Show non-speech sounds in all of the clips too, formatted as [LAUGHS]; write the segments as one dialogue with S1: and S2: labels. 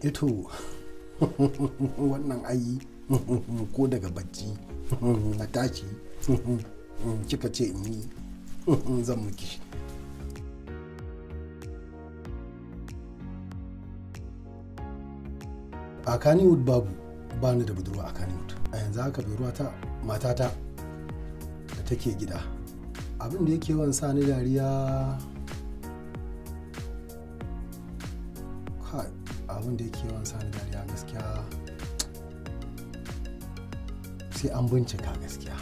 S1: ito [LAUGHS] wannan ayi [LAUGHS] ko daga bacci [LAUGHS] na tashi kika ce in yi zan miki shi a kaniwood babu ba ni da budurwa a kaniwood a yanzu haka ta matata da take gida abin da yake wansa sa ni dariya abin da yake yawan sani dariya gaskiya sai an bincika gaskiya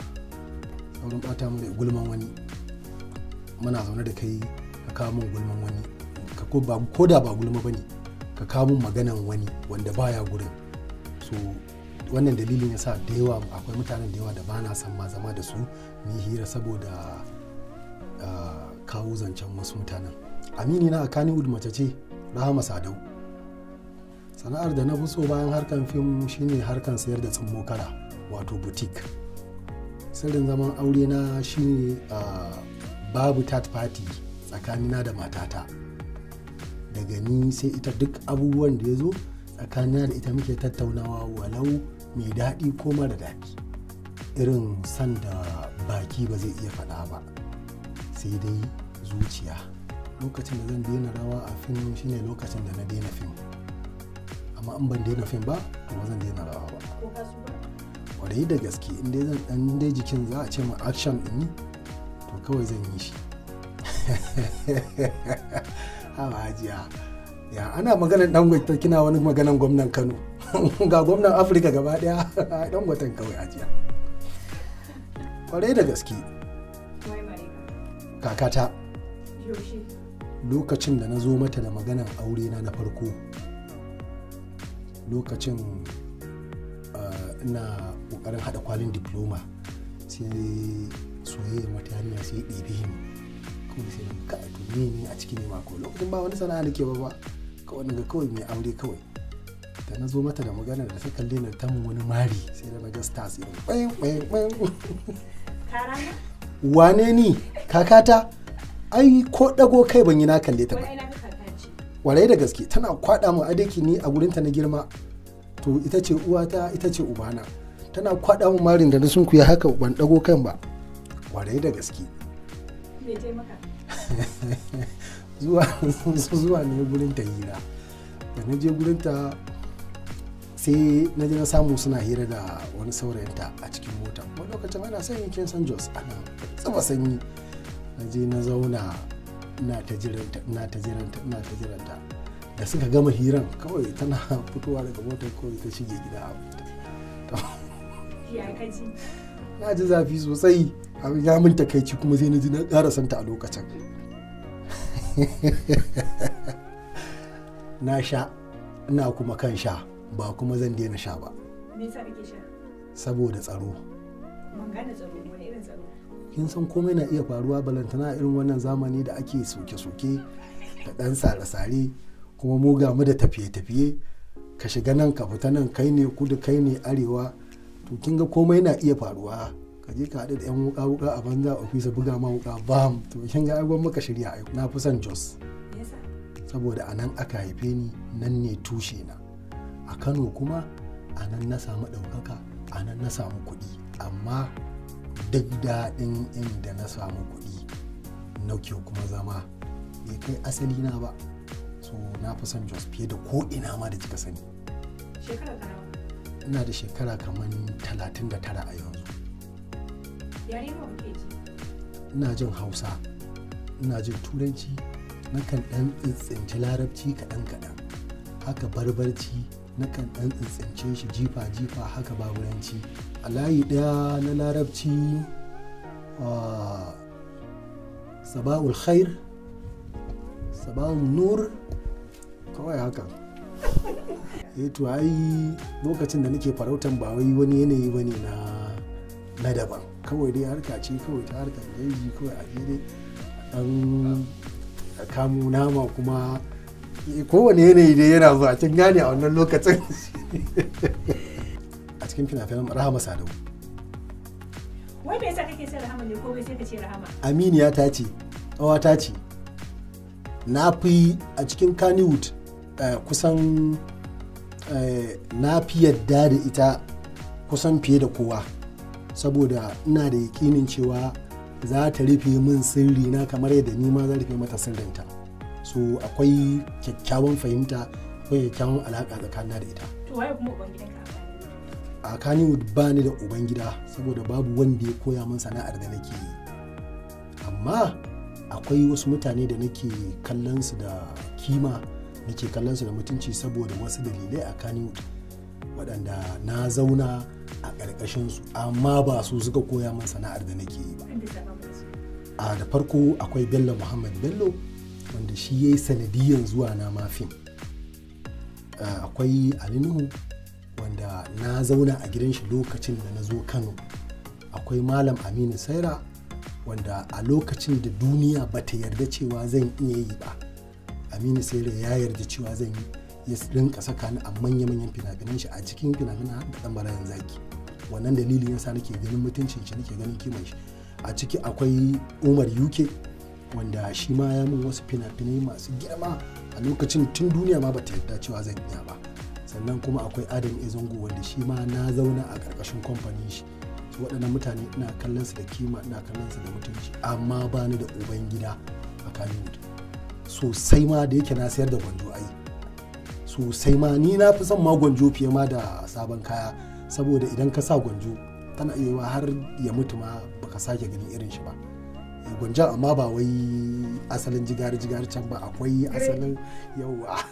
S1: saurin bata mu da gulman wani muna zaune da kai ka kawo min gulman wani ko da ba gulma ba ne ka kawo min maganan wani wanda baya gurin so wannan dalilin yasa da yawa akwai mutanen da yawa da ba na san ma zama da su ni hira saboda ah, kawo zancen wasu mutanen amini na a udu mace ce rahama sadau sana'ar da na fi so bayan harkan fim shine harkan sayar da kara, wato butik sirrin zaman aure na shine ah, babu tat party tsakanina da matata daga ni sai ita duk abubuwan da ya zo tsakanina da ita muke tattaunawa walau mai daɗi ko mara daɗi irin san da baki ba zai iya faɗa ba sai dai zuciya lokacin da zan daina rawa a fim shine lokacin da na daina fim amma in ban daina fim ba kuma zan daina rawa ba kwarai da gaske in dai jikin za a ce ma action in yi to kawai zan yi shi [LAUGHS] hawa hajiya ya ana maganar dangwata kina wani maganar gwamnan kano [LAUGHS] ga gwamnan afirka gaba daya [LAUGHS] dangwatan kawai hajiya kwarai da gaske kakata lokacin da na zo mata da maganar aure na na farko lokacin eh, na kokarin hada kwalin diploma sai soyayya mata yarinya sai ɗebe ni kuma sai ka to ni ne a cikin ma ko lokacin ba wani sana'a nake ba ba kawai daga kawai mai aure kawai da na zo mata da magana da ta kalle na tamu wani mari sai da na ga stars irin bayan bayan bayan wane ni kakata ai ko dago kai ban yi na kalle ta ba warai da gaske tana kwada mu adaki ni a gurinta na girma to ita ce uwata ita ce ubana tana kwaɗa mu marin da na sun kuya haka ban ɗago kan ba kwarai da gaske [LAUGHS] zuwa zuwa ne gurin ta hira da na je gurin ta sai na je na samu suna hira da wani saurayinta a cikin mota wani lokacin ana son yankin san jos ana tsaba sanyi na je na zauna na ta na ta na ta jiranta da suka gama hiran kawai tana fitowa daga motar kawai ta shige gida a fita [LAUGHS] na ji zafi sosai abin ya min takaici kuma sai na ji na ƙara santa a lokacin [LAUGHS] na sha ina kuma kan sha ba kuma zan daina sha ba saboda tsaro kin san komai na iya faruwa balantana irin wannan zamani da ake soke-soke da ɗan sare-sare kuma mu ga mu da tafiye-tafiye ka shiga nan ka fita nan kai ne kudu kai ne arewa to kin ga komai na iya faruwa ka je ka haɗu da 'yan wuka wuka a banza ofisa buga ma wuka bam to kin ga abubuwan muka shirya aiko na fi son jos saboda a nan aka haife ni nan ne tushe na a kano kuma a nan na samu ɗaukaka a nan na samu kuɗi amma duk daɗin inda na samu kuɗi na kuma zama bai kai asali na ba so na fi son jos fiye da ko ina ma da kika sani ina da shekara kamar 39 a yanzu ina jin hausa ina jin turanci na kan dan tsinci larabci kaɗan kaɗan haka barbarci na kan dan tsince shi jifa jifa haka baburanci a layi ɗaya na larabci ah, sabawul khair sabawul nur kawai haka [LAUGHS] eh to ai lokacin da nake farautan ba wai wani yanayi bane na na daban kawai dai harka ce kawai ta harkar jeji kawai a je dai dan kamu nama kuma eh, kowane yanayi dai yana zuwa kin gane a wannan lokacin [LAUGHS] a cikin fina-finan rahama sadau wai me yasa kake son rahama ne ko bai sai ka ce rahama aminiya ta ce ta ce na fi a cikin kannywood Eh, kusan eh, na fi yadda da ita kusan fiye da kowa saboda ina da yakinin cewa za ta rufe min sirri na kamar yadda ni ma za rufe mata sirrinta so akwai kyakkyawan fahimta akwai kyakkyawan alaƙa tsakanin da ita a kaniwood ba ni da ubangida saboda babu wanda ya koya min sana'ar da nake yi amma akwai wasu mutane da nake kallon su da kima nake kallon su da mutunci saboda wasu dalilai a kaniwood waɗanda na zauna a ƙarƙashin su amma ba su suka koya min sana'ar da nake yi ba a da farko akwai bello muhammad bello wanda shi ya yi sanadiyan zuwa na mafin akwai alinuhu wanda na zauna a gidan shi lokacin da na zo kano akwai malam aminu saira wanda a lokacin da duniya bata yarda cewa zan iya yi ba aminu da ya yarda cewa zan yi ya rinka saka ni a manya-manyan fina-finan shi a cikin fina-finan da dan zaki wannan dalilin sa nake ganin mutuncin shi nake ganin kiman shi a ciki akwai umar uk wanda shi ma ya min wasu fina-finai masu girma a lokacin tun duniya ma bata yarda cewa zan iya ba sannan kuma akwai adam ezongo wanda shi ma na zauna a karkashin kamfanin shi waɗannan mutane ina kallon su da kima ina kallon su da mutunci amma bani da uban gida a kanin sosai ma da yake na sayar da gwanjo ai sosai ma ni na fi son ma gwanjo fiye ma da sabon kaya saboda idan ka sa gwanjo tana iya yiwa har ya mutu ma baka sake ganin irin shi ba eh, gwanjo amma ba wai asalin jigar-jigar can ba akwai asalin yawa